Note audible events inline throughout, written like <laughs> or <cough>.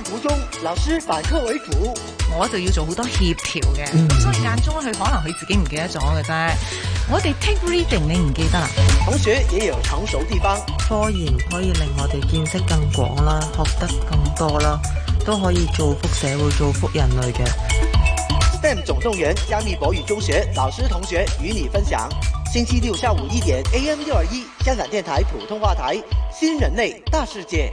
古松老師，反客為主我就要做好多協調嘅，嗯、所以間中佢可能佢自己唔記得咗嘅啫。我哋 take reading 你唔記得啦。同學也有成熟地方，科研可以令我哋見識更廣啦，學得更多啦，都可以造福社會、造福人類嘅。STEM 總動員，加密博語中學老師同學與你分享。星期六下午一點 AM 六二一，香港電台普通話台，新人類大世界。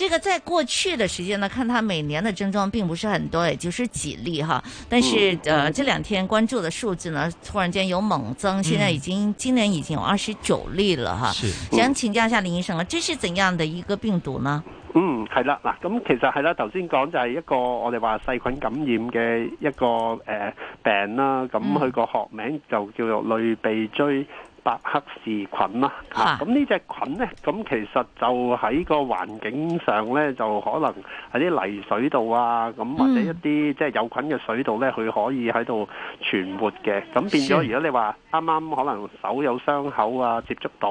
這個在過去的時間呢，看他每年的症狀並不是很多，也就是幾例哈。但是，嗯、呃，這兩天關注的數字呢，突然間有猛增，現在已經、嗯、今年已經有二十九例了哈。是嗯、想請教一下林醫生啦，這是怎樣的一個病毒呢？嗯，係啦，嗱，咁其實係啦，頭先講就係一個我哋話細菌感染嘅一個誒、呃、病啦，咁佢個學名就叫做類鼻疽白黑氏菌啦，咁呢隻菌呢，咁其實就喺個環境上呢，就可能喺啲泥水度啊，咁或者一啲、嗯、即係有菌嘅水度呢，佢可以喺度存活嘅。咁變咗，如果你話啱啱可能手有傷口啊，接觸到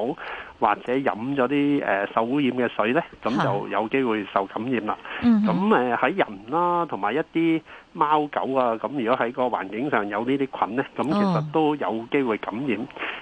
或者飲咗啲、呃、受污染嘅水呢，咁就有機會受感染啦。咁喺、嗯、哼人啦、啊，同埋一啲，貓狗啊，咁如果喺個環境上有呢啲菌呢，咁其實都有機會感染。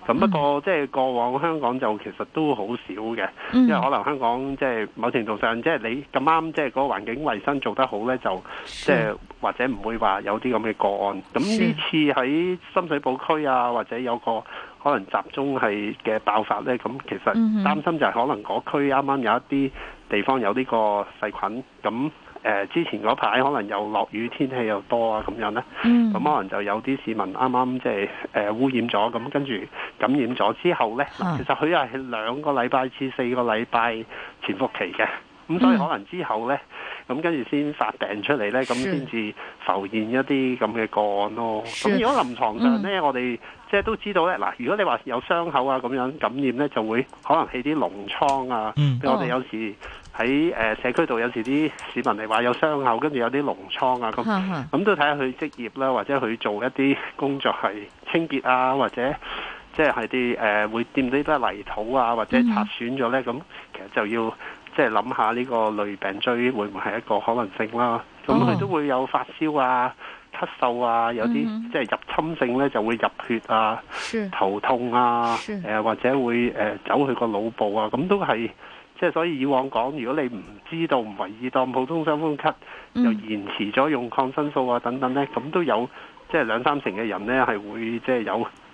咁、oh. 不過即係過往香港就其實都好少嘅，mm hmm. 因為可能香港即係某程度上，即係你咁啱即係嗰個環境衛生做得好呢，就即係或者唔會話有啲咁嘅個案。咁呢次喺深水埗區啊，或者有個可能集中係嘅爆發呢，咁其實擔心就係可能嗰區啱啱有一啲地方有呢個細菌咁。誒、呃、之前嗰排可能又落雨，天氣又多啊，咁樣呢，咁、嗯、可能就有啲市民啱啱即係誒污染咗，咁跟住感染咗之後呢，啊、其實佢係兩個禮拜至四個禮拜潛伏期嘅，咁、嗯、所以可能之後呢，咁跟住先發病出嚟呢，咁先至浮現一啲咁嘅個案咯、哦。咁是如果臨床上呢，嗯、我哋。即係都知道咧，嗱，如果你話有傷口啊咁樣感染咧，就會可能起啲膿瘡啊。嗯、比如我哋有時喺社區度有時啲市民嚟話有傷口，跟住有啲膿瘡啊咁，咁、嗯、都睇下佢職業啦，或者佢做一啲工作係清潔啊，或者即係啲誒會掂啲啲泥土啊，或者擦損咗咧，咁、嗯、其實就要即係諗下呢個類鼻疽會唔會係一個可能性啦。咁佢都會有發燒啊。咳嗽啊，有啲、mm hmm. 即係入侵性呢就會入血啊，是頭痛啊，誒是、呃、或者會誒、呃、走去個腦部啊，咁都係即係所以以往講，如果你唔知道唔為意當普通傷風咳，又延遲咗用抗生素啊等等呢，咁都有即係兩三成嘅人呢係會即係有。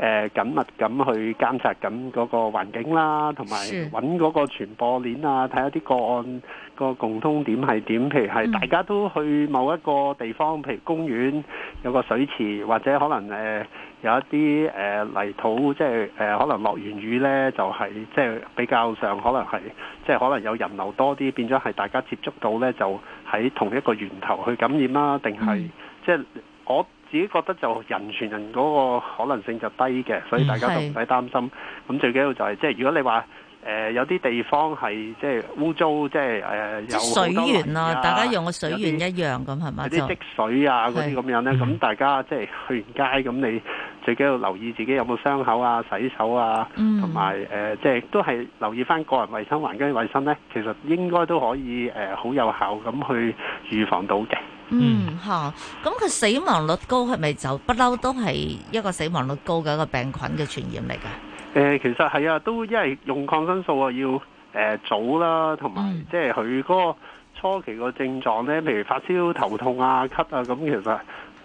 誒、呃、緊密咁去監察緊嗰個環境啦，同埋揾嗰個傳播鏈啊，睇下啲個案個共通點係點。譬如係大家都去某一個地方，譬如公園有個水池，或者可能、呃、有一啲誒、呃、泥土，即係、呃、可能落完雨呢，就係、是、即係比較上可能係即係可能有人流多啲，變咗係大家接觸到呢，就喺同一個源頭去感染啦，定係、嗯、即係我。自己覺得就人傳人嗰個可能性就低嘅，所以大家都唔使擔心。咁是最緊要就係、是，即係如果你話誒、呃、有啲地方係即係污糟，即係誒有水源咯、啊，啊、大家用嘅水源些一樣咁係咪？就啲積水啊嗰啲咁樣咧，咁是大家、嗯、即係去完街咁，咁你最緊要留意自己有冇傷口啊、洗手啊，同埋誒即係都係留意返個人衞生、環境衞生咧。其實應該都可以誒好、呃、有效咁去預防到嘅。嗯吓，咁佢死亡率高係咪就不嬲都係一個死亡率高嘅一個病菌嘅傳染嚟㗎。誒、呃，其實係啊，都因為用抗生素啊要誒、呃、早啦，同埋即係佢嗰個初期個症狀咧，譬如發燒、頭痛啊、咳啊，咁其實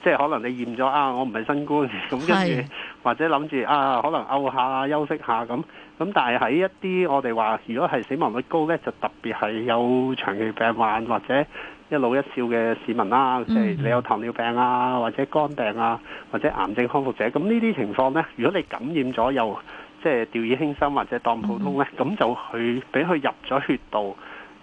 即係可能你驗咗啊，我唔係新冠，咁跟住或者諗住啊，可能唞下、休息下咁，咁但係喺一啲我哋話如果係死亡率高咧，就特別係有長期病患或者。一老一少嘅市民啦、啊，即係你有糖尿病啊，或者肝病啊，或者癌症康復者，咁呢啲情況呢，如果你感染咗又即係掉以輕心或者當普通呢，咁就去俾佢入咗血道，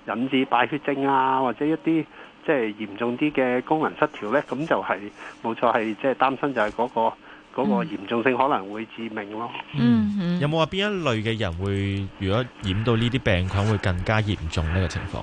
引致敗血症啊，或者一啲即係嚴重啲嘅功能失調呢，咁就係、係、冇錯，係即係擔心就係嗰、嗰個嗰、嗰個、嚴重性可能會致命咯。嗯，有冇話邊一類嘅人會如果染到呢啲病菌會更加嚴重呢個情況？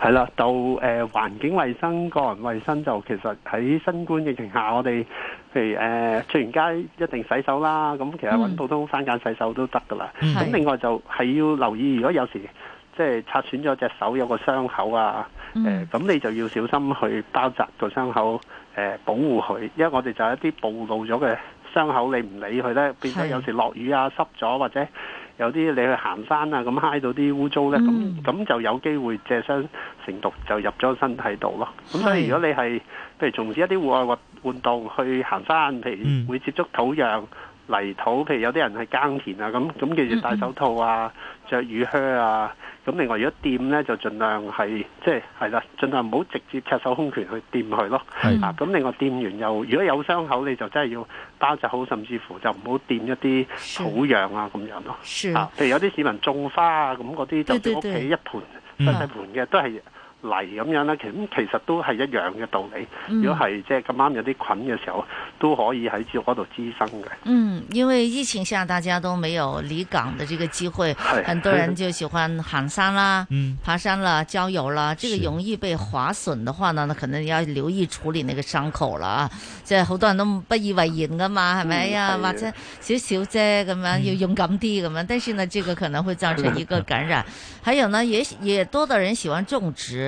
係啦，就誒、呃、環境衛生、個人衞生就其實喺新冠疫情下，我哋譬如誒出完街一定洗手啦，咁其實揾普通番梘洗手都得噶啦。咁、嗯、另外就係要留意，如果有時即係擦損咗隻手有個傷口啊，咁、嗯呃、你就要小心去包紮個傷口，誒、呃、保護佢，因為我哋就係一啲暴露咗嘅傷口，你唔理佢咧，變咗有時落雨啊濕咗或者。有啲你去行山啊，咁揩到啲污糟呢，咁咁、嗯、就有機會借傷成毒就入咗身體度咯。咁所以如果你係，譬如從事一啲戶外活活動去行山，譬如會接觸土壤、泥土，譬如有啲人係耕田啊，咁咁記住戴手套啊、着雨靴啊。咁另外如果掂咧就儘量係即係係啦，儘量唔好直接赤手空拳去掂佢咯。係啊，咁另外掂完又如果有傷口，你就真係要包紮好，甚至乎就唔好掂一啲土壤啊咁樣咯。係啊，譬如有啲市民種花啊咁嗰啲，就算對屋企一盆真係一盆嘅都係。泥咁樣啦，咁其實都係一樣嘅道理。如果係即係咁啱有啲菌嘅時候，都可以喺呢個嗰度滋生嘅。嗯，因為疫情下大家都沒有離港嘅這個機會，很多人就喜歡行山啦、爬山啦、郊遊啦。這個容易被劃損的話呢，那可能要留意處理那個傷口啦。即係好多人都不以為然噶嘛，係咪啊？或者少少啫咁樣要勇敢啲咁樣，但是呢，這個可能會造成一個感染。還有呢，也也多的人喜歡種植。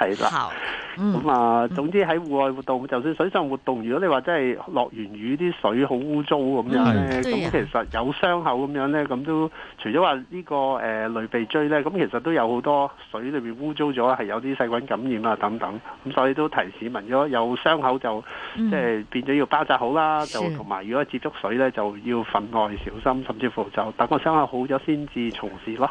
係啦，咁啊，總之喺戶外活動，就算水上活動，如果你話真係落完雨，啲水好污糟咁樣咧，咁其實有傷口咁樣咧，咁都除咗話呢個誒類鼻疽咧，咁其實都有好多水裏邊污糟咗，係有啲細菌感染啊等等，咁所以都提示市民咗有傷口就即係變咗要包紮好啦，就同埋如果接觸水咧就要分外小心，甚至乎就等個傷口好咗先至從事咯。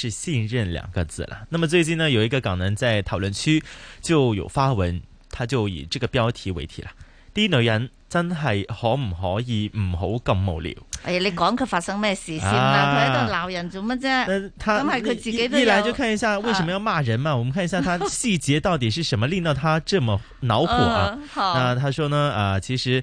是信任兩個字了。那麼最近呢，有一個港人在討論區就有發文，他就以這個標題為題了。啲女人真係可唔可以唔好咁無聊？哎，你講佢發生咩事先啦、啊？佢喺度鬧人做乜啫？咁係佢自己依賴。一來就看一下為什麼要罵人嘛？啊、我們看一下他細節到底是什麼令到他這麼惱火啊？ <laughs> 呃、好那他說呢？啊、呃，其實。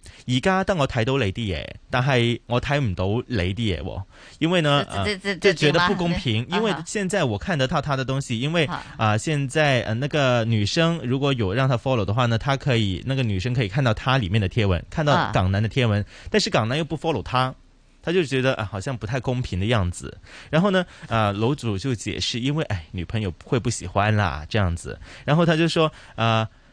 而家當我睇到你啲嘢，但係我睇唔到你啲嘢，因為呢，即、呃、係覺得不公平。因為現在我看得到他的東西，因為啊好、呃，現在那個女生如果有讓他 follow 的話呢，她可以，那個女生可以看到他裏面的貼文，看到港男的貼文，好但是港男又不 follow 他，他就覺得啊、呃，好像不太公平的樣子。然後呢，啊、呃，樓主就解釋，因為哎，女朋友會不喜歡啦，這樣子。然後他就說啊，呃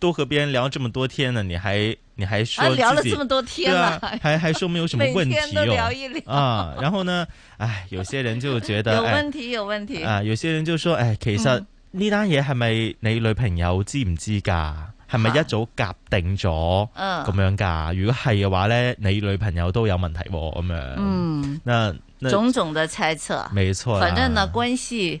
都和別人聊這麼多天了，你還你還說自己對啊？還還說沒有什麼問題哦。啊。然後呢，哎，有些人就覺得有問題有問題啊。有些人就說，哎，其實呢單嘢係咪你女朋友知唔知㗎？係咪一早夾定咗？嗯，咁樣㗎？如果係嘅話咧，你女朋友都有問題㗎咁樣。嗯，那種種的猜測，沒錯。反正呢，關係。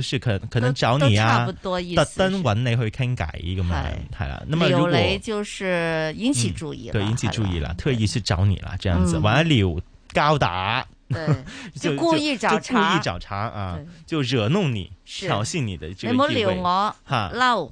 就是可可能找你啊，特登揾你去傾偈咁樣，係啦。咁啊，如果就是引起注意，對引起注意啦，特意去找你啦，這樣子玩溜高達，就故意找茬，故意找茬啊，就惹弄你，挑釁你的，你唔好撩我，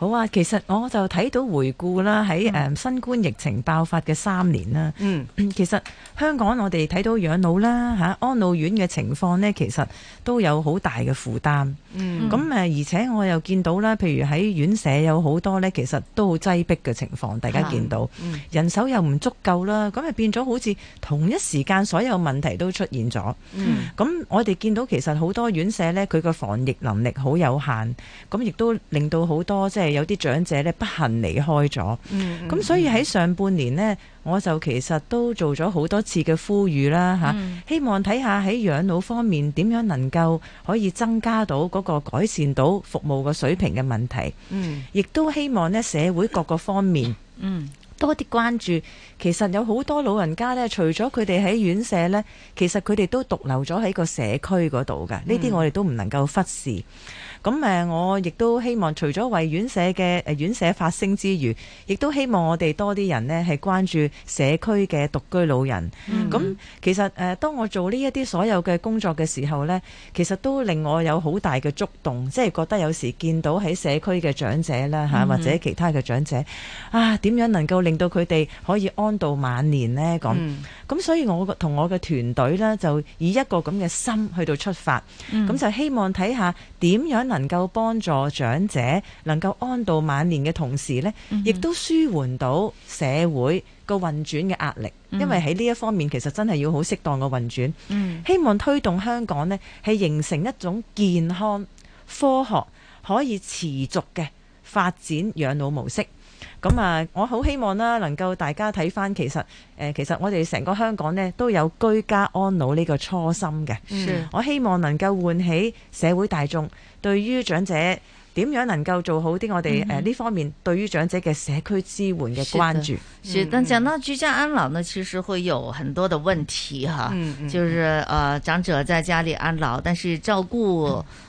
好啊，其實我就睇到回顧啦，喺、呃、新冠疫情爆發嘅三年啦，嗯，其實香港我哋睇到養老啦、吓、安老院嘅情況呢，其實都有好大嘅負擔，嗯，咁呃而且我又見到啦，譬如喺院舍有好多呢，其實都好擠迫嘅情況，大家見到，嗯、人手又唔足夠啦，咁啊變咗好似同一時間所有問題都出現咗，嗯，咁我哋見到其實好多院舍呢，佢個防疫能力好有限，咁亦都令到好多即係。有啲長者咧不幸離開咗，咁、嗯嗯、所以喺上半年呢，我就其實都做咗好多次嘅呼籲啦，嚇、啊，嗯、希望睇下喺養老方面點樣能夠可以增加到嗰個改善到服務嘅水平嘅問題，嗯，亦都希望咧社會各個方面，嗯，多啲關注。其實有好多老人家呢，除咗佢哋喺院舍呢，其實佢哋都獨留咗喺個社區嗰度嘅，呢啲、嗯、我哋都唔能夠忽視。咁誒，我亦都希望除咗為院舍嘅誒、呃、院舍發聲之餘，亦都希望我哋多啲人呢，係關注社區嘅獨居老人。咁、嗯、其實誒、呃，當我做呢一啲所有嘅工作嘅時候呢，其實都令我有好大嘅觸動，即係覺得有時見到喺社區嘅長者啦吓、啊，或者其他嘅長者、嗯、啊，點樣能夠令到佢哋可以安度晚年呢？咁。嗯咁所以我同我嘅團隊咧，就以一個咁嘅心去到出發，咁、嗯、就希望睇下點樣能夠幫助長者能夠安度晚年嘅同時呢，亦、嗯、哼都舒緩到社會個運轉嘅壓力。嗯、因為喺呢一方面其實真係要好適當嘅運轉，嗯、希望推動香港呢，係形成一種健康、科學可以持續嘅發展養老模式。咁啊，我好希望啦，能夠大家睇翻其實，誒、呃，其實我哋成個香港咧都有居家安老呢個初心嘅。嗯是，我希望能夠喚起社會大眾對於長者點樣能夠做好啲我哋誒呢方面對於長者嘅社區支援嘅關注。是，的是的，但講到居家安老呢，其實會有很多的問題哈、啊，嗯、哼就是誒、呃，長者在家裡安老，但是照顧、嗯。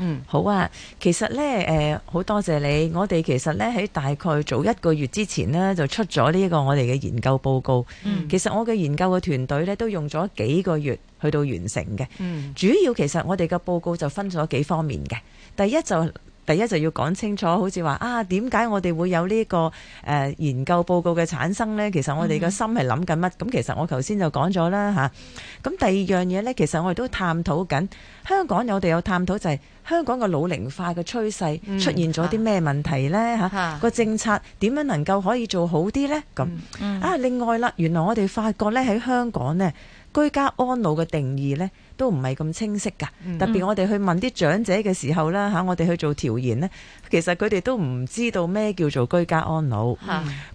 嗯，好啊。其實咧，誒、呃，好多謝，謝你。我哋其實咧喺大概早一個月之前呢，就出咗呢個我哋嘅研究報告。嗯，其實我嘅研究嘅團隊咧都用咗幾個月去到完成嘅。嗯，主要其實我哋嘅報告就分咗幾方面嘅。第一就第一就要講清楚，好似話啊，點解我哋會有呢、這個誒、呃、研究報告嘅產生咧？其實我哋個心係諗緊乜？咁、嗯、其實我頭先就講咗啦吓。咁、啊、第二樣嘢咧，其實我哋都探討緊香港，我哋有探討就係、是。香港嘅老齡化嘅趨勢出現咗啲咩問題呢？嚇、嗯？個、啊啊、政策點樣能夠可以做好啲呢？咁、嗯嗯、啊，另外啦，原來我哋發覺咧喺香港呢，居家安老嘅定義呢，都唔係咁清晰㗎，嗯、特別我哋去問啲長者嘅時候啦，嚇、嗯啊，我哋去做調研呢，其實佢哋都唔知道咩叫做居家安老。咁、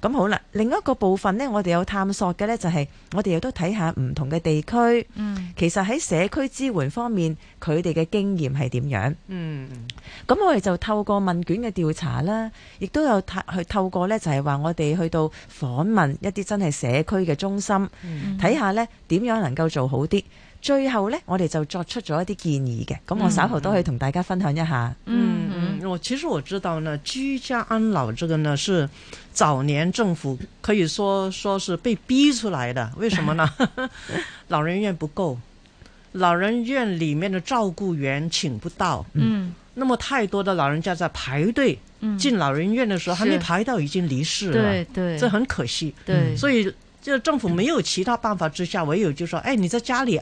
嗯、好啦，另一個部分呢，我哋有探索嘅呢，就係我哋亦都睇下唔同嘅地區，嗯、其實喺社區支援方面，佢哋嘅經驗係點樣？咁、嗯、我哋就透過問卷嘅調查啦，亦都有去透過呢，就係話我哋去到訪問一啲真係社區嘅中心，睇下、嗯、呢點樣能夠做好啲。最後呢，我哋就作出咗一啲建議嘅，咁我稍後都可以同大家分享一下。嗯嗯，我、嗯嗯、其實我知道呢居家安老這個呢，是早年政府，可以說說是被逼出來的。為什麼呢？ <laughs> 老人院不夠，老人院裏面的照顧員請不到。嗯，那麼太多的老人家在排隊進老人院的時候，嗯、還沒排到已經離世了。對對，對這很可惜。對，所以就政府沒有其他辦法之下，嗯、唯有就是說，哎，你在家裏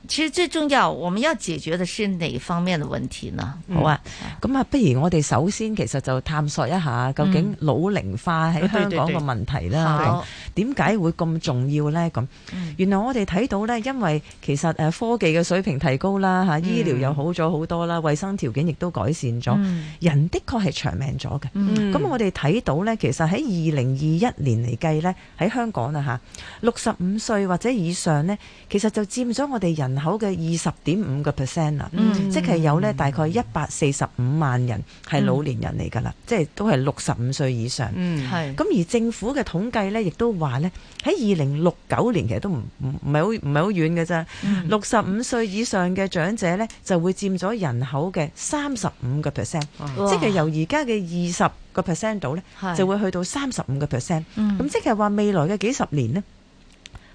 其實最重要，我們要解決的是哪方面的問題呢？嗯、好啊，咁啊，不如我哋首先其實就探索一下究竟老齡化喺香港個問題啦、嗯啊。好，點解會咁重要咧？咁，原來我哋睇到咧，因為其實誒科技嘅水平提高啦，吓、嗯、醫療又好咗好多啦，衛生條件亦都改善咗，嗯、人的確係長命咗嘅。咁、嗯、我哋睇到咧，其實喺二零二一年嚟計咧，喺香港啊吓，六十五歲或者以上咧，其實就佔咗我哋人。人口嘅二十點五個 percent 啦，嗯、即係有咧大概一百四十五萬人係老年人嚟㗎啦，嗯、即係都係六十五歲以上。係咁、嗯、而政府嘅統計咧，亦都話咧喺二零六九年，其實都唔唔唔係好唔係好遠㗎咋。六十五歲以上嘅長者咧，就會佔咗人口嘅三十五個 percent，即係由而家嘅二十個 percent 度咧，呢是就會去到三十五個 percent。咁、嗯、即係話未來嘅幾十年呢。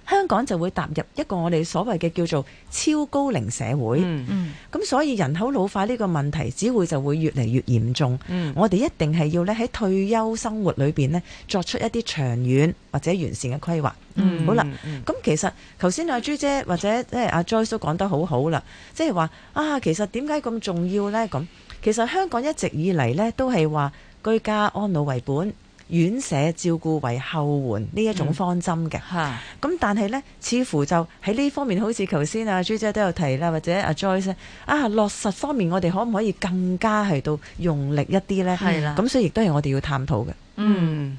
香港就會踏入一個我哋所謂嘅叫做超高齡社會，咁、嗯嗯、所以人口老化呢個問題，只會就會越嚟越嚴重。嗯、我哋一定係要咧喺退休生活裏面呢，作出一啲長遠或者完善嘅規劃。好啦，咁其實頭先阿朱姐或者即係阿 Joy 都講得好好啦，即係話啊，其實點解咁重要呢？咁其實香港一直以嚟呢都係話居家安老為本。院舍照顧為後援呢一種方針嘅，咁、嗯嗯、但係咧，似乎就喺呢方面，好似頭先阿朱姐都有提啦，或者阿、啊、Joyce 啊，啊，落實方面，我哋可唔可以更加係到用力一啲咧？係啦、嗯，咁、嗯、所以亦都係我哋要探討嘅。嗯，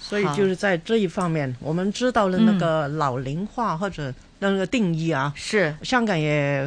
所以就是在這一方面，好我們知道了那個老齡化或者那個定義啊，是、嗯、香港也。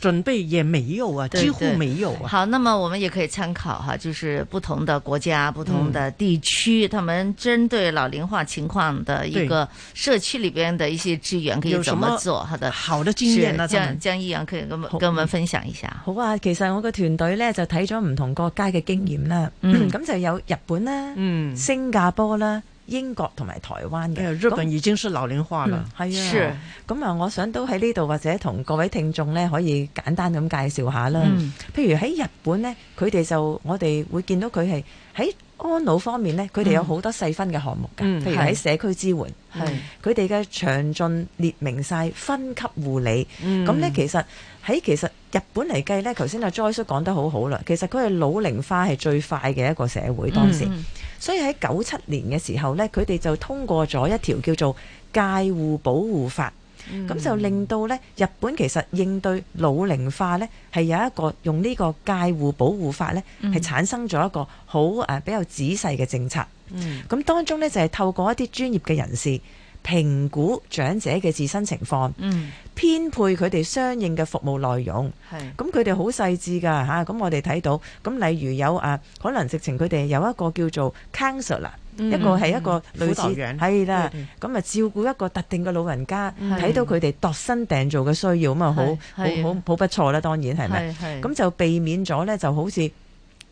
準備也沒有啊，幾乎沒有、啊。好，那麼我們也可以參考哈，就是不同的國家，嗯，不同的地區，他們針對老齡化情況的一個社區裏邊的一些資源，可以怎麼做？好的，好的經驗呢，啊？江江議員可以跟我們跟我們分享一下。好啊，其實我個團隊呢就睇咗唔同國家嘅經驗啦，咁，嗯，就有日本啦，嗯，新加坡啦。英國同埋台灣嘅，咁日本已經係老齡化啦，係那、嗯、啊，咁啊，我想都喺呢度或者同各位聽眾呢，可以簡單咁介紹一下啦。嗯、譬如喺日本呢，佢哋就我哋會見到佢係喺安老方面呢，佢哋、嗯、有好多細分嘅項目㗎，嗯、譬如喺社區支援，係佢哋嘅詳盡列明晒，分級護理，咁、嗯、呢，其實。喺其實日本嚟計呢，頭先阿 Joey 叔講得好好啦。其實佢係老齡化係最快嘅一個社會當時，所以喺九七年嘅時候呢，佢哋就通過咗一條叫做介護保護法，咁就令到呢日本其實應對老齡化呢係有一個用呢個介護保護法呢係產生咗一個好誒比較仔細嘅政策。咁當中呢就係透過一啲專業嘅人士。評估長者嘅自身情況，編配佢哋相應嘅服務內容。咁佢哋好細緻㗎嚇。咁我哋睇到，咁例如有啊，可能直情佢哋有一個叫做 counselor，一個係一個輔導員，係啦。咁啊照顧一個特定嘅老人家，睇到佢哋度身訂造嘅需要，咁啊好，好好好不錯啦。當然係咪？咁就避免咗咧，就好似。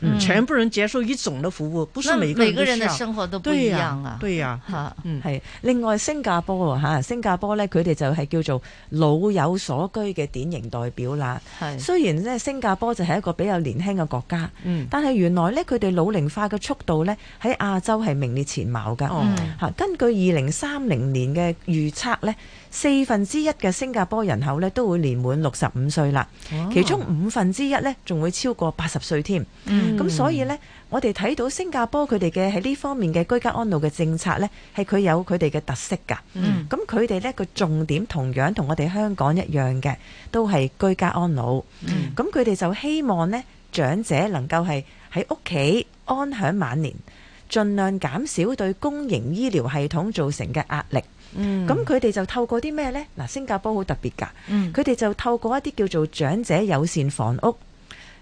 嗯、全部人接受一種的服務，不是每個人每個人的生活都不一樣啊。對呀、啊，係、啊嗯、另外新加坡吓、啊，新加坡咧佢哋就係叫做老有所居嘅典型代表啦。是雖然咧新加坡就係一個比較年輕嘅國家，嗯、但係原來咧佢哋老齡化嘅速度咧喺亞洲係名列前茅噶。吓、嗯啊，根據二零三零年嘅預測咧。四分之一嘅新加坡人口呢都會年滿六十五歲啦，哦、其中五分之一呢仲會超過八十歲添。咁、嗯嗯、所以呢，我哋睇到新加坡佢哋嘅喺呢方面嘅居家安老嘅政策呢，係佢有佢哋嘅特色㗎。咁佢哋呢個重點同樣同我哋香港一樣嘅，都係居家安老。咁佢哋就希望呢長者能夠係喺屋企安享晚年，盡量減少對公營醫療系統造成嘅壓力。咁佢哋就透過啲咩呢？嗱，新加坡好特別噶，佢哋，嗯、就透過一啲叫做長者友善房屋，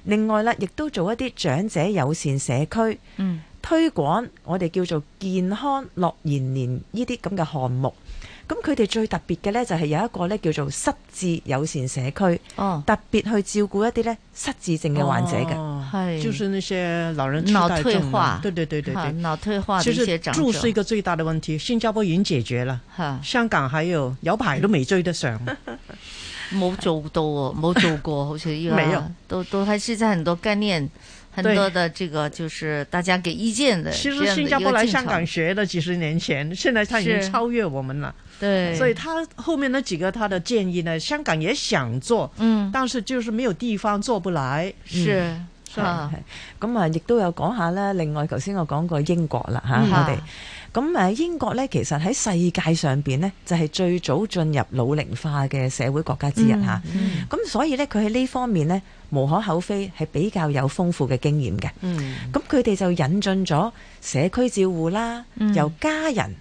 另外啦，亦都做一啲長者友善社區，嗯、推廣我哋叫做健康樂延年呢啲咁嘅項目。咁佢哋最特別嘅咧，就係有一個咧叫做失智友善社區，哦、特別去照顧一啲咧失智症嘅患者嘅，哦、是就是那些老人。腦退化，對對對對對，腦退化。其實住是一個最大的問題，新加坡已經解決了，哈香港還有，有排都未追得上，冇 <laughs> <laughs> 做到，冇做， <laughs> 做過，好似依家，都都睇出真係很多概念。很多的這個就是大家給意見的。其實新加坡來香港學了幾十年前，現在他已經超越我們了。對，所以他後面那幾個他的建議呢，香港也想做，嗯，但是就是沒有地方做不來，是，是嘛？咁啊，亦都有講下啦。另外，頭先我講過英國啦，吓我哋，咁誒，英國呢，其實喺世界上面呢，就係最早進入老齡化嘅社會國家之一吓，咁所以呢，佢喺呢方面呢。無可厚非，係比較有豐富嘅經驗嘅。咁佢哋就引進咗社區照護啦，嗯、由家人、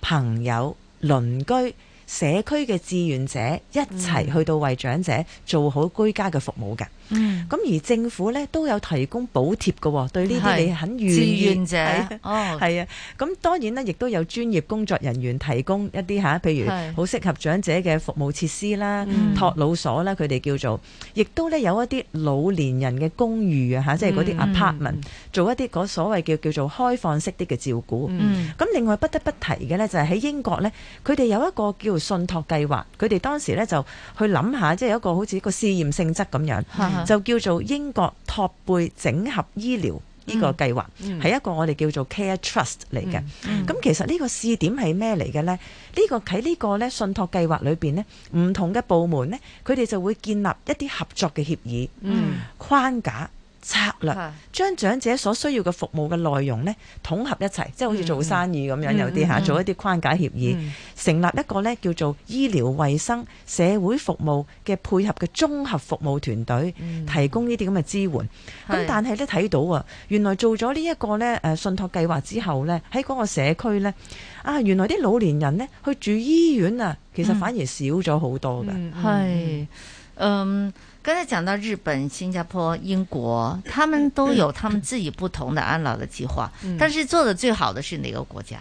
朋友、鄰居、社區嘅志願者一齊去到為長者做好居家嘅服務嘅。嗯，咁而政府咧都有提供補貼嘅，哦，對呢啲你很願意，係啊。咁當然咧，亦都有專業工作人員提供一啲嚇，譬如好適合長者嘅服務設施啦，託、嗯、老所啦，佢哋叫做，亦都咧有一啲老年人嘅公寓啊，嗯、即係嗰啲 apartment，嗯、做一啲嗰所謂叫叫做開放式啲嘅照顧。咁、嗯、另外不得不提嘅咧，就係、是、喺英國咧，佢哋有一個叫信託計劃，佢哋當時咧就去諗下，即係有一個好似個試驗性質咁樣。嗯就叫做英國托貝整合醫療呢個計劃，係、嗯嗯、一個我哋叫做 Care Trust 嚟嘅。咁、嗯嗯、其實呢個試點係咩嚟嘅咧？呢、呢個喺呢個咧信託計劃裏邊咧，唔同嘅部門咧，佢哋就會建立一啲合作嘅協議、嗯、框架。策略將長者所需要嘅服務嘅內容咧統合一齊，即係好似做生意咁樣，嗯嗯，有啲嚇，做一啲框架協議，嗯嗯嗯，成立一個咧叫做醫療、衞生、社會服務嘅配合嘅綜合服務團隊，嗯、提供呢啲咁嘅支援。咁、嗯、但係咧睇到啊，原來做咗呢一個呢誒、啊、信託計劃之後呢，喺嗰個社區呢，啊，原來啲老年人呢去住醫院啊，其實反而少咗好多㗎。係、嗯，嗯。剛才講到日本、新加坡、英國，他們都有他們自己不同的安老的計劃。嗯、但是做的最好的是哪個國家？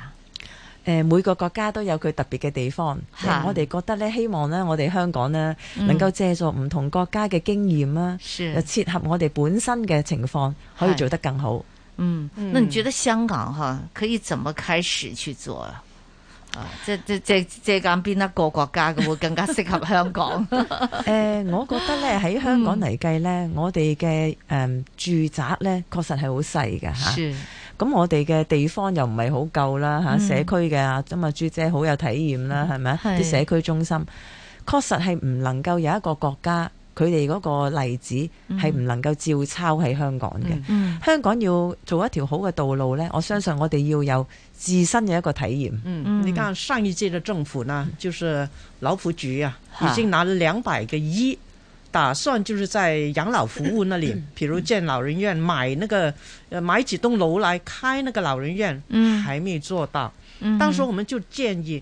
呃、每個國家都有佢特別嘅地方。啊、我哋覺得呢，希望呢，我哋香港呢、嗯、能夠借助唔同國家嘅經驗啦，是又切合我哋本身嘅情況，是可以做得更好。嗯，那你覺得香港哈、啊、可以怎麼開始去做啊？即即即借鑒邊一個國家嘅會更加適合香港？誒、 <laughs> 呃，我覺得咧喺香港嚟計咧，嗯、我哋嘅誒住宅咧確實係好細嘅吓。咁、啊、是我哋嘅地方又唔係好夠啦吓、啊，社區嘅阿阿朱姐好有體驗啦，係咪、嗯？啲社區中心確是實係唔能夠有一個國家。佢哋嗰個例子係唔能夠照抄喺香港嘅。香港要做一條好嘅道路呢，我相信我哋要有自身嘅一個體驗。嗯，你看上一屆嘅政府呢，就是勞福局啊，已經拿了兩百個億，打算就是在養老服務那裏，譬如建老人院、買那個、買幾棟樓來開那個老人院，還未做到。嗯，當當時我們就建議。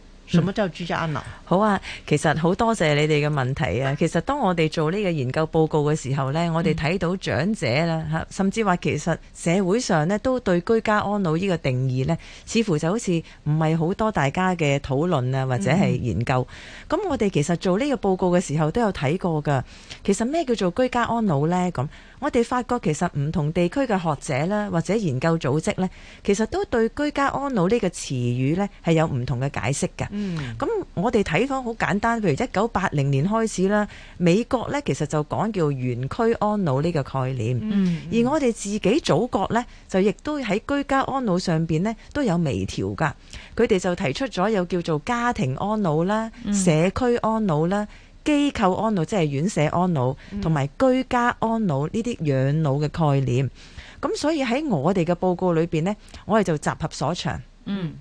什麼叫做居家安老、嗯？好啊，其實好多謝你哋嘅問題啊。其實當我哋做呢個研究報告嘅時候呢，我哋睇到長者啦，嚇、甚至話其實社會上呢都對居家安老呢個定義呢，似乎就好似唔係好多大家嘅討論啊，或者係研究。咁、嗯、我哋其實做呢個報告嘅時候都有睇過噶。其實咩叫做居家安老呢？咁。我哋發覺其實唔同地區嘅學者啦，或者研究組織呢，其實都對居家安老呢個詞語呢係有唔同嘅解釋嘅。咁、嗯、我哋睇翻好簡單，譬如一九八零年開始啦，美國呢其實就講叫原居安老呢個概念，嗯嗯、而我哋自己祖國呢，就亦都喺居家安老上面呢都有微調噶。佢哋就提出咗有叫做家庭安老啦、嗯、社區安老啦。機構安老即係院舍安老，同埋居家安老呢啲養老嘅概念。咁所以喺我哋嘅報告裏邊呢，我哋就集合所長。嗯，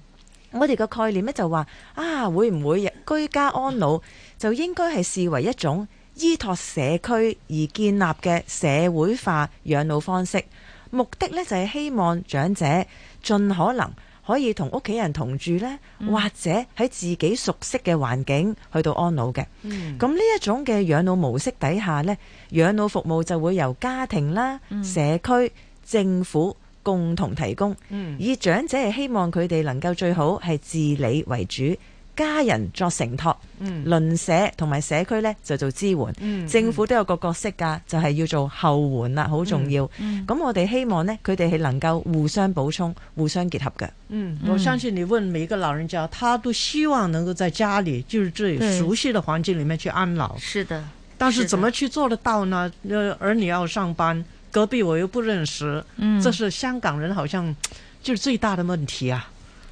我哋個概念呢，就話啊，會唔會居家安老就應該係視為一種依託社區而建立嘅社會化養老方式？目的呢，就係希望長者盡可能。可以同屋企人同住呢，或者喺自己熟悉嘅環境去到安老嘅。咁呢一種嘅養老模式底下呢，養老服務就會由家庭啦、社區、政府共同提供。以長者係希望佢哋能夠最好係自理為主。家人作承托，鄰舍同埋社區呢就做支援，嗯嗯、政府都有個角色噶，就係、是、要做後援啦，好重要。咁、嗯嗯、我哋希望呢，佢哋係能夠互相補充、互相結合嘅、嗯。嗯，我相信你問每一個老人家，他都希望能夠在家裏，就是最熟悉的環境裏面去安老。是的對，但是怎麼去做得到呢？兒女要上班，隔壁我又不認識，嗯，這是香港人好像就最大的問題啊。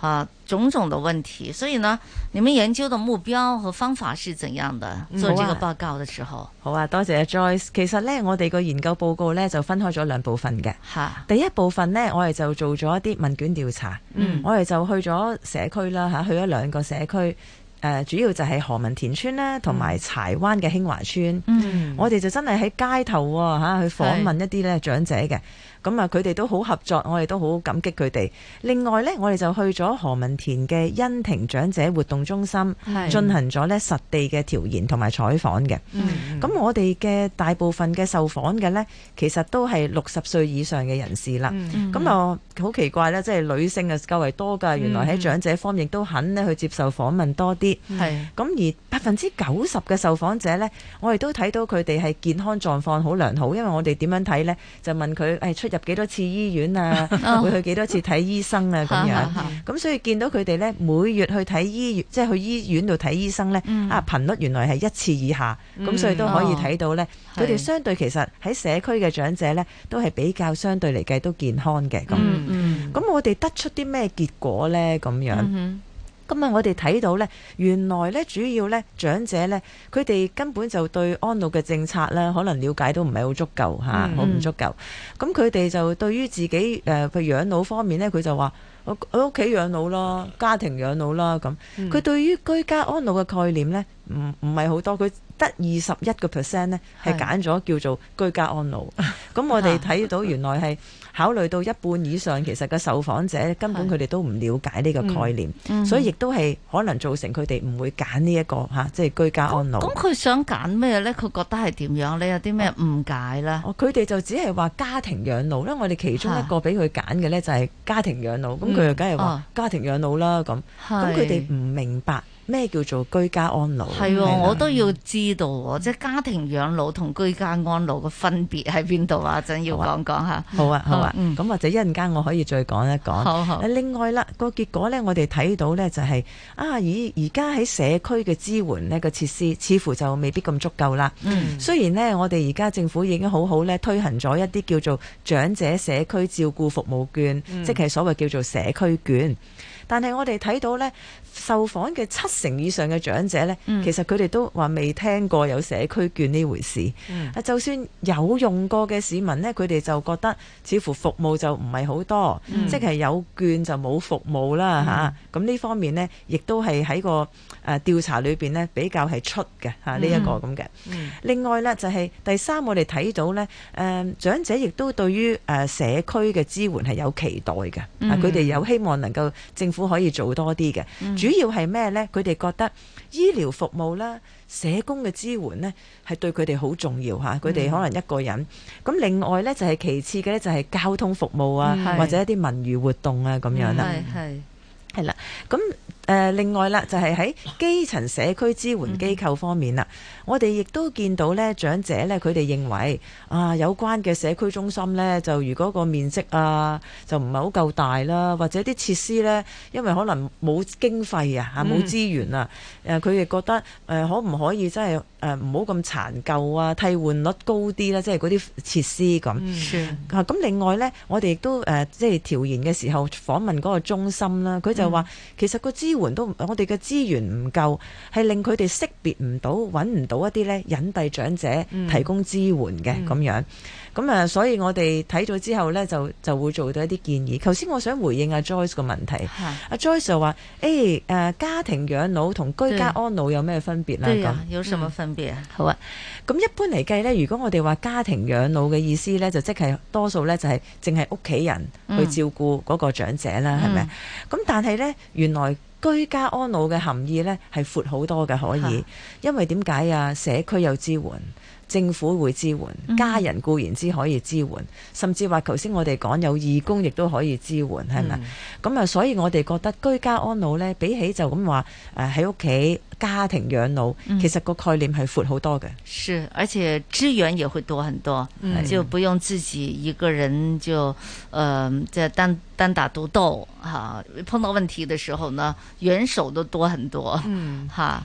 啊，種種的問題，所以呢，你們研究的目標和方法是怎樣的？嗯啊、做這個報告的時候，好啊，多謝 Joyce。其實呢，我哋個研究報告呢就分開咗兩部分嘅。吓，第一部分呢，我哋就做咗一啲問卷調查。嗯，我哋就去咗社區啦，吓，去咗兩個社區，誒、呃，主要就係何文田村啦同埋柴灣嘅興華村。嗯，我哋就真係喺街頭吓、哦、去訪問一啲咧長者嘅。咁啊，佢哋都好合作，我哋都好感激佢哋。另外咧，我哋就去咗何文田嘅恩庭長者活動中心，進的行咗咧實地嘅調研同埋採訪嘅。咁、嗯、我哋嘅大部分嘅受訪嘅咧，其實都係六十歲以上嘅人士啦。咁啊、嗯，好奇怪呢，即係女性啊較為多噶，原來喺長者方面都肯咧去接受訪問多啲。係咁、嗯、而百分之九十嘅受訪者咧，我哋都睇到佢哋係健康狀況好良好，因為我哋點樣睇咧，就問佢誒出。哎入幾多次醫院啊？ <laughs> 會去幾多次睇醫生啊？咁 <laughs> 樣咁， <laughs> 所以見到佢哋呢，每月去睇醫院，即係去醫院度睇醫生呢，mm hmm. 啊，頻率原來係一次以下，咁、mm hmm. 所以都可以睇到呢，佢哋、oh. 相對其實喺社區嘅長者呢，都係比較相對嚟計都健康嘅。咁，咁、mm hmm. 我哋得出啲咩結果呢？咁樣。Mm hmm. 今日我哋睇到呢，原來呢主要呢長者呢，佢哋根本就對安老嘅政策呢，可能了解都唔係好足夠，好唔足夠。咁佢哋就對於自己誒譬如、呃、養老方面呢，佢就話我屋企養老咯，家庭養老啦咁。佢、嗯、對於居家安老嘅概念呢，唔唔係好多，佢得二十一個 percent 呢，係揀咗叫做居家安老。咁 <laughs> 我哋睇到原來係。考慮到一半以上，其實個受訪者根本佢哋都唔了解呢個概念，是嗯嗯、所以亦都係可能造成佢哋唔會揀呢一個嚇，即、啊、係、就是、居家安老。咁佢、哦、想揀咩呢？佢覺得係點樣？你有啲咩誤解呢？佢哋、哦、就只係話家庭養老啦。我哋其中一個俾佢揀嘅呢，就係家庭養老，咁佢又梗係話家庭養老啦。咁是，咁佢哋唔明白。咩叫做居家安老？係喎、啊，啊、我都要知道喎。即、就是、家庭養老同居家安老嘅分別喺邊度啊？真要講講下。好啊，好啊。咁好或者一陣間我可以再講一講。好好另外啦，個結果咧、就是，我哋睇到咧就係啊，而而家喺社區嘅支援呢個設施，似乎就未必咁足夠啦。嗯、雖然呢，我哋而家政府已經好好咧推行咗一啲叫做長者社區照顧服務券，嗯、即係所謂叫做社區券。但係我哋睇到呢，受訪嘅七成以上嘅長者呢，其實佢哋都話未聽過有社區券呢回事。啊，就算有用過嘅市民呢，佢哋就覺得似乎服務就唔係好多，嗯、即係有券就冇服務啦嚇。咁呢、嗯啊、方面呢，亦都係喺個。誒、啊、調查裏邊呢，比較係出嘅嚇呢一個咁嘅。嗯嗯、另外呢，就係第三，我哋睇到呢，誒、呃、長者亦都對於誒、啊、社區嘅支援係有期待嘅。嗯、啊，佢哋有希望能夠政府可以做多啲嘅。嗯、主要係咩呢？佢哋覺得醫療服務啦、社工嘅支援呢，係對佢哋好重要嚇。佢、啊、哋可能一個人咁。嗯、另外呢，就係其次嘅呢，就係交通服務啊，嗯、或者一啲文娛活動啊咁樣、嗯、啦。係係係啦。咁誒、呃、另外啦，就係、是、喺基層社區支援機構方面啦，嗯、我哋亦都見到咧長者咧，佢哋認為啊，有關嘅社區中心咧，就如果個面積啊，就唔係好夠大啦，或者啲設施咧，因為可能冇經費啊，嚇、啊、冇資源啊，誒佢亦覺得誒、呃、可唔可以真係？誒，唔好咁殘舊啊，替換率高啲啦，啊，即係嗰啲設施咁。咁、嗯啊、另外呢，我哋亦都、呃、即係調研嘅時候訪問嗰個中心啦，佢就話、嗯、其實個支援都，我哋嘅資源唔夠，係令佢哋識別唔到，揾唔到一啲呢隱蔽長者提供支援嘅咁、嗯嗯、樣。咁啊、嗯，所以我哋睇咗之後呢，就就會做到一啲建議。頭先我想回應阿、啊、Joyce 嘅問題，阿、啊啊、Joyce 就話，誒、欸，誒、呃、家庭養老同居家安老有咩分別啊？有什麼分別啊？好啊，咁一般嚟計呢，如果我哋話家庭養老嘅意思呢，就即係多數呢，就係淨係屋企人去照顧嗰個長者啦，係咪？咁但係呢，原來居家安老嘅含義呢，係闊好多嘅，可以，啊、因為點解啊？社區有支援。政府會支援，家人固然之可以支援，嗯、甚至話頭先我哋講有義工亦都可以支援，係咪？咁啊、嗯，樣所以我哋覺得居家安老咧，比起就咁話誒喺屋企家庭養老，嗯、其實個概念係闊好多嘅。是，而且資源也會多很多，嗯、就不用自己一個人就，嗯、呃，即單，單打獨鬥哈、啊。碰到問題的時候呢，援手都多很多，啊、嗯，哈。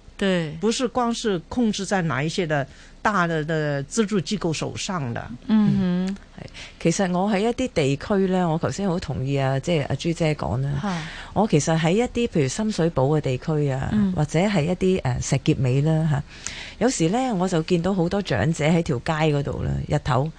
對，不是光是控制在哪一些的大的的資助機構手上的。嗯哼，其實我喺一啲地區呢，我頭先好同意啊，即係阿朱姐講啦。係，我其實喺一啲譬如深水埗嘅地區啊，嗯、或者係一啲誒、啊、石硤尾啦吓、啊，有時呢，我就見到好多長者喺條街嗰度咧，日頭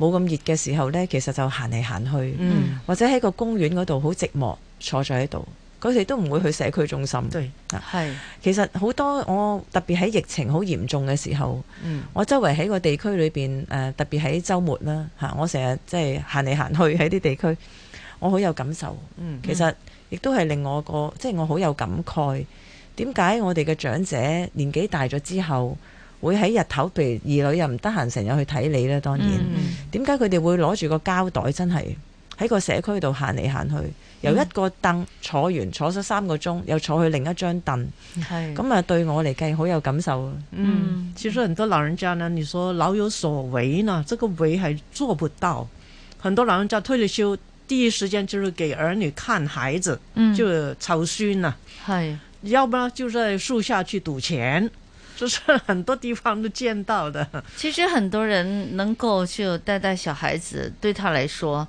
冇咁熱嘅時候呢，其實就行嚟行去，嗯、或者喺個公園嗰度好寂寞，坐咗喺度。佢哋都唔會去社區中心。對，係。其實好多我特別喺疫情好嚴重嘅時候，嗯、我周圍喺個地區裏邊，誒、呃，特別喺週末啦吓、啊，我成日即係行嚟行去喺啲地區，我好有感受。嗯、其實亦都係令我個即係我好有感慨。點解我哋嘅長者年紀大咗之後，會喺日頭，譬如兒女又唔得閒，成日去睇你呢？當然，點解佢哋會攞住個膠袋，真係喺個社區度行嚟行去？由一個凳坐完，嗯、坐咗三個鐘，又坐去另一張凳，咁啊是對我嚟計好有感受其、啊、嗯，其實很多老人家呢，你說老有所為呢？這個為係做不到，很多老人家退了休，第一時間就是給兒女看孩子，嗯、就湊孫啦。係是，要不然就在樹下去賭錢，就是很多地方都見到的。其實很多人能夠就帶帶小孩子，對他來說。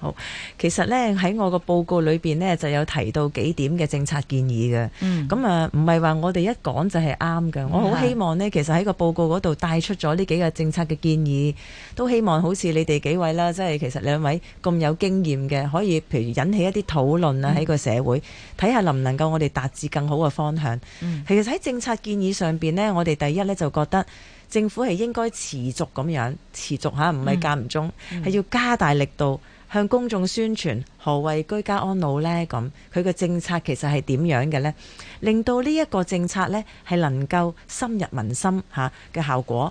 好，其實呢，喺我個報告裏面呢，就有提到幾點嘅政策建議嘅。嗯。咁啊，唔係話我哋一講就係啱嘅。我好希望呢，嗯、其實喺個報告嗰度帶出咗呢幾個政策嘅建議，都希望好似你哋幾位啦，即係其實兩位咁有經驗嘅，可以譬如引起一啲討論啊，喺個社會睇下、嗯、能唔能夠我哋達至更好嘅方向。嗯、其實喺政策建議上面呢，我哋第一呢，就覺得政府係應該持續咁樣持續下，唔係間唔中，係、嗯嗯、要加大力度。向公眾宣傳何謂居家安老呢？咁佢嘅政策其實係點樣嘅呢？令到呢一個政策呢，係能夠深入民心嚇嘅效果。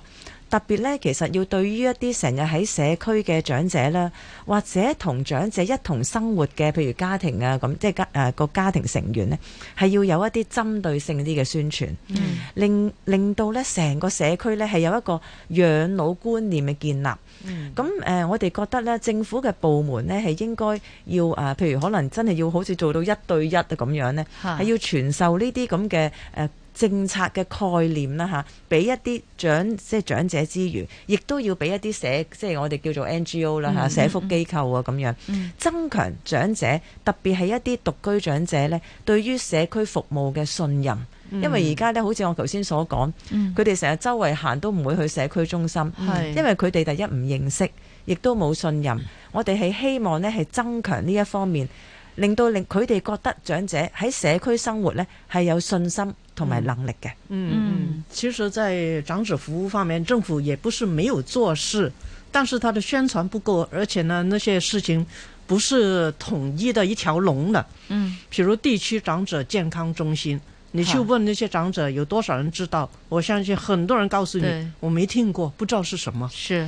特別咧，其實要對於一啲成日喺社區嘅長者啦，或者同長者一同生活嘅，譬如家庭啊，咁即係家誒個、啊、家庭成員呢，係要有一啲針對性啲嘅宣傳，嗯、令令到咧成個社區咧係有一個養老觀念嘅建立。咁誒、嗯呃，我哋覺得咧，政府嘅部門呢係應該要誒，譬如可能真係要好似做到一對一咁樣呢，係要傳授呢啲咁嘅誒。呃政策嘅概念啦吓，俾一啲長即係長者之餘，亦都要俾一啲社即係我哋叫做 NGO 啦吓社福機構啊咁樣、嗯嗯、增強長者特別係一啲獨居長者咧，對於社區服務嘅信任。嗯、因為而家咧，好似我頭先所講，佢哋成日周圍行都唔會去社區中心，是因為佢哋第一唔認識，亦都冇信任。我哋係希望咧係增強呢一方面。令到令佢哋覺得長者喺社區生活咧係有信心同埋能力嘅，嗯。嗯，嗯，其實在長者服務方面，政府也不是沒有做事，但是它的宣傳不夠，而且呢，那些事情不是統一的一條龍嘅。嗯，譬如地區長者健康中心，你去問那些長者有多少人知道？嗯、我相信很多人告訴你，對我沒聽過，不知道是什麼。是。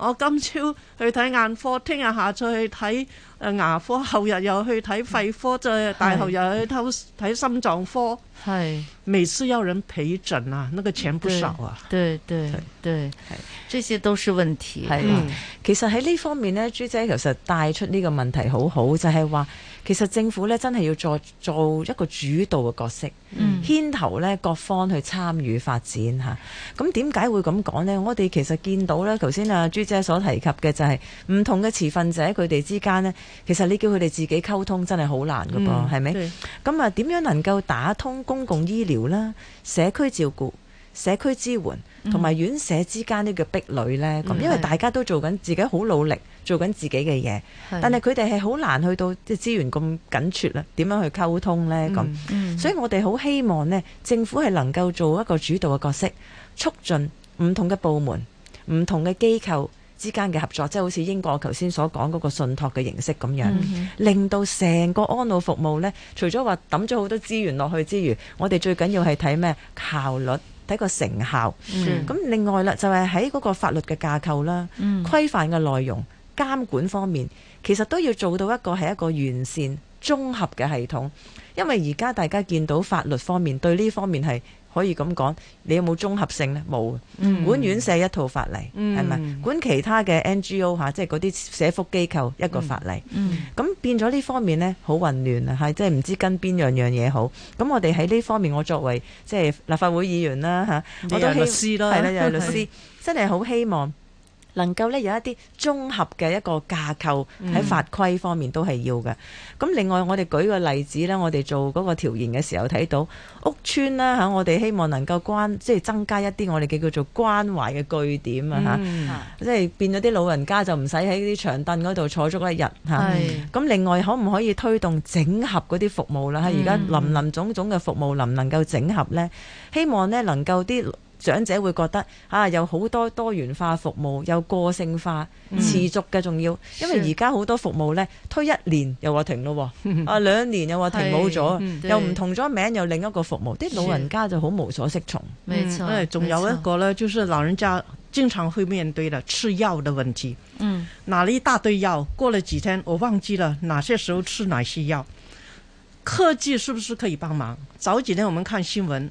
我今朝去睇眼科，聽日下晝去睇誒牙科，後日又去睇肺科，再大後日去偷睇心臟科。係是每次要人陪診啊，那個錢不少啊。對對對，這些都是問題。係、啊嗯、其實喺呢方面呢，朱姐其實帶出呢個問題好好，就係、是、話。其實政府咧真係要做做一個主導嘅角色，嗯、牽頭咧各方去參與發展嚇。咁點解會咁講呢？我哋其實見到咧，頭先阿朱姐所提及嘅就係、是、唔同嘅持份者佢哋之間呢，其實你叫佢哋自己溝通真係好難㗎噃，係咪？咁啊，點樣能夠打通公共醫療啦、社區照顧、社區支援同埋院舍之間呢個壁壘呢，咁、嗯、因為大家都做緊自己好努力做緊自己嘅嘢，是但係佢哋係好難去到即係資源咁緊缺啦。點樣去溝通呢？咁、嗯，嗯、所以我哋好希望呢，政府係能夠做一個主導嘅角色，促進唔同嘅部門、唔同嘅機構之間嘅合作，即係好似英國頭先所講嗰個信託嘅形式咁樣，嗯嗯、令到成個安老服務呢，除咗話抌咗好多資源落去之餘，我哋最緊要係睇咩效率。睇個成效，咁、嗯、另外啦，就係喺嗰個法律嘅架構啦、規範嘅內容、監管方面，其實都要做到一個係一個完善綜合嘅系統，因為而家大家見到法律方面對呢方面係。可以咁講，你有冇綜合性咧？冇，嗯、管院舍一套法例，係咪、嗯？管其他嘅 NGO、啊、即係嗰啲社福機構一個法例。咁、嗯嗯、變咗呢方面咧，好混亂啊！即係唔知跟邊樣樣嘢好。咁我哋喺呢方面，我作為即係立法會議員、啊、律師啦我都希係啦，又係律師，的真係好希望。能夠咧有一啲綜合嘅一個架構，喺法規方面都係要嘅。咁、嗯、另外我哋舉個例子咧，我哋做嗰個調研嘅時候睇到屋邨啦，嚇、啊，我哋希望能夠關即係增加一啲我哋嘅叫做關懷嘅據點啊嚇，嗯、即係變咗啲老人家就唔使喺啲長凳嗰度坐足一日嚇。咁、啊是啊、另外可唔可以推動整合嗰啲服務啦？而家林林總總嘅服務能唔能夠整合咧？希望咧能夠啲。長者會覺得啊，有好多多元化服務，有個性化、持續嘅，仲要、嗯。因為而家好多服務呢，推一年又話停咯，啊兩年又話停冇咗，又唔同咗名，又有另一個服務。啲老人家就好無所適從。係、嗯，仲、嗯嗯、有一個呢，就是老人家經常去面對的吃藥的問題。嗯，拿了一大堆藥，過了幾天，我忘記了哪些時候吃哪些藥。科技是不是可以幫忙？早幾天我們看新聞。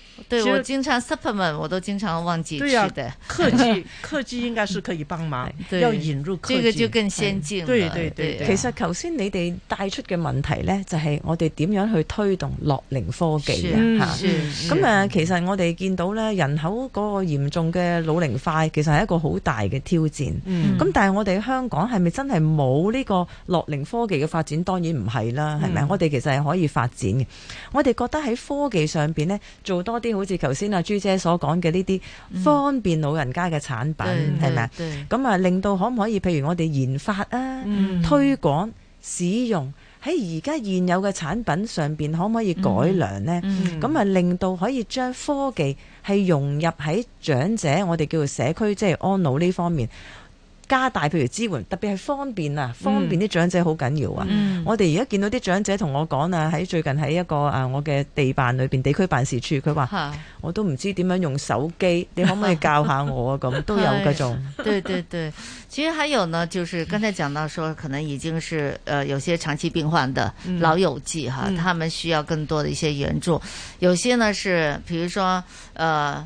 對，我經常 supplement，我都經常忘記食嘅。科技科技應該是可以幫忙，要引入科技，這個就更先進。對對對，其實頭先你哋帶出嘅問題呢，就係我哋點樣去推動樂齡科技啊吓？咁啊，其實我哋見到咧，人口嗰個嚴重嘅老齡化，其實係一個好大嘅挑戰。咁但係我哋香港係咪真係冇呢個樂齡科技嘅發展？當然唔係啦，係咪？我哋其實係可以發展嘅。我哋覺得喺科技上邊咧，做多啲。好似頭先阿朱姐所講嘅呢啲方便老人家嘅產品，係咪？咁啊，令到可唔可以，譬如我哋研發啊、嗯、推廣使用喺而家現有嘅產品上邊，可唔可以改良呢？咁啊、嗯嗯，令到可以將科技係融入喺長者，我哋叫做社區即係、就是、安老呢方面。加大譬如支援，特別係方便啊，方便啲長者好緊要啊、嗯呃！我哋而家見到啲長者同我講啊，喺最近喺一個啊我嘅地辦裏邊地區辦事處，佢話我都唔知點樣用手機，你可唔可以教下我啊？咁 <laughs> 都有嗰種 <laughs> 對對對，其實還有呢，就是剛才講到說可能已經是呃有些長期病患的老友記哈，他們需要更多的一些援助。有些呢是，譬如說呃。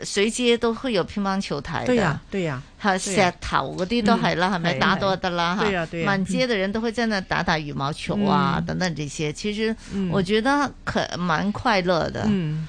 隨街都會有乒乓球台嘅，啊，對呀、啊、對呀、啊，吓石頭嗰啲都係啦，係咪、嗯、打多得啦呀。滿街的人都會在那打打羽毛球啊，嗯、等等這些，其實我覺得可蠻快樂的。嗯嗯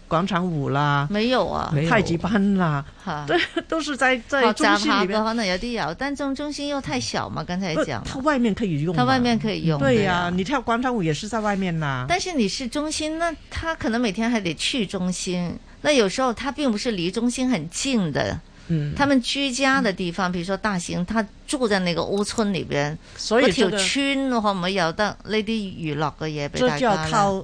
廣場舞啦，沒有啊，太極班啦，哈，對，都是在在中心裏邊。可能有啲有，但這種中心又太小嘛。剛才講，他外面可以用，他外面可以用。對呀、啊，你跳廣場舞也是在外面啦。但是你是中心呢，那他可能每天還得去中心。那有時候他並不是離中心很近的。嗯，他們居家的地方，嗯、比如說大興，他住在那個屋村裏邊，所以、這個、我我沒有村可唔可以有的，呢啲娛樂嘅嘢俾大家？